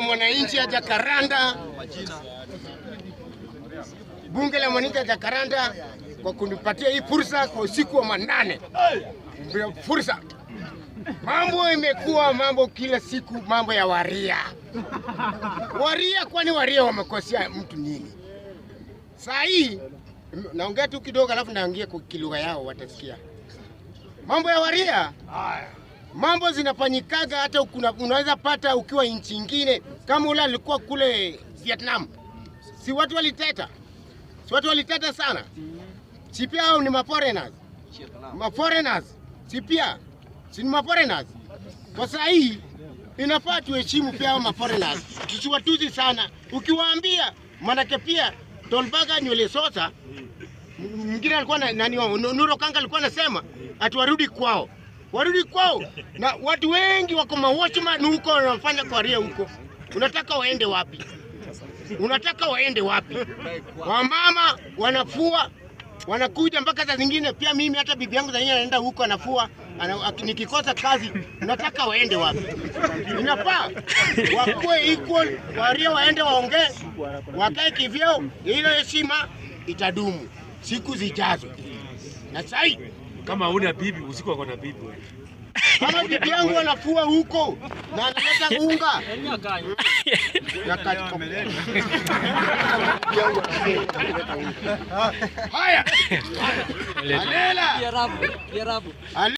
mwananchi ya Jakaranda, bunge la mwananchi ya Jakaranda kwa kunipatia hii fursa kwa usiku wa manane. Fursa mambo imekuwa mambo kila siku, mambo ya waria waria. Kwani waria wamekosea mtu nini? Saa hii naongea tu kidogo, alafu naongea kwa kilugha yao, watasikia mambo ya waria mambo zinafanyikaga, hata unaweza pata ukiwa nchi ingine. Kama ule alikuwa kule Vietnam, si watu waliteta, si watu waliteta sana, si pia hao ni maforeners, maforeners si pia si ni maforeners. Kwa saa hii inafaa tuheshimu pia hao maforeners, tusiwatuzi sana ukiwaambia, manake pia Tolbaga nywele sosa mwingine alikuwa nani, Nuro Kanga alikuwa anasema atuwarudi kwao warudi kwao, na watu wengi wako mawatchman huko wanafanya kwaria huko. Unataka waende wapi? Unataka waende wapi? Wamama wanafua wanakuja mpaka saa zingine, pia mimi hata bibi yangu zaini anaenda huko anafua ana, nikikosa kazi nataka waende wapi? Inafaa wakuwe equal, waria waende waongee, wakae kivyao, ile heshima itadumu siku zijazo na sai kama una bibi usiku wako na bibi wewe. Kama bibi yangu anafua huko na analeta unga. Haya. Alela.